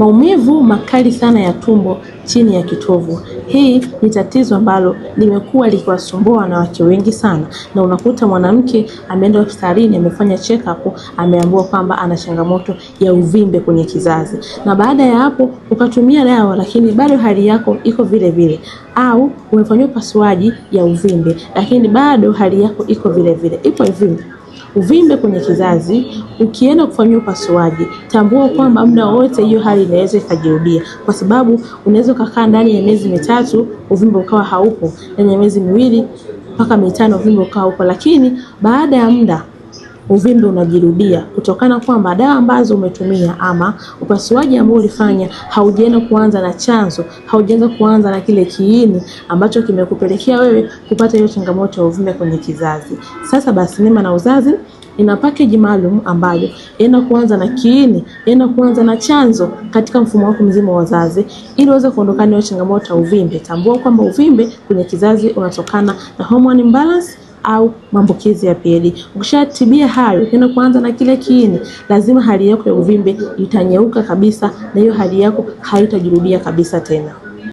maumivu makali sana ya tumbo chini ya kitovu. Hii ni tatizo ambalo limekuwa likiwasumbua wanawake wengi sana, na unakuta mwanamke ameenda hospitalini, amefanya check up, ameambiwa kwamba ana changamoto ya uvimbe kwenye kizazi, na baada ya hapo ukatumia dawa, lakini bado hali yako iko vile vile, au umefanyiwa upasuaji ya uvimbe, lakini bado hali yako iko vile vile, ipo uvimbe uvimbe kwenye kizazi, ukienda kufanyia upasuaji, tambua kwamba muda wote hiyo hali inaweza ikajirudia, kwa sababu unaweza ukakaa ndani ya miezi mitatu uvimbe ukawa haupo, ndani ya miezi miwili mpaka mitano uvimbe ukawa upo, lakini baada ya muda uvimbe unajirudia kutokana kwamba dawa ambazo umetumia ama upasuaji ambao ulifanya haujaenda kuanza na chanzo, haujaanza kuanza na kile kiini ambacho kimekupelekea wewe kupata hiyo changamoto ya uvimbe kwenye kizazi. Sasa basi, Neema na Uzazi ina package maalum ambayo ina kuanza na kiini, ina kuanza na chanzo katika mfumo wako mzima wa uzazi, ili uweze kuondokana na changamoto ya uvimbe. Tambua kwamba uvimbe kwenye kizazi unatokana na hormone imbalance au maambukizi ya pili Ukishatibia hayo, tena, kuanza na kile kiini, lazima hali yako ya uvimbe itanyeuka kabisa, na hiyo hali yako haitajirudia kabisa tena.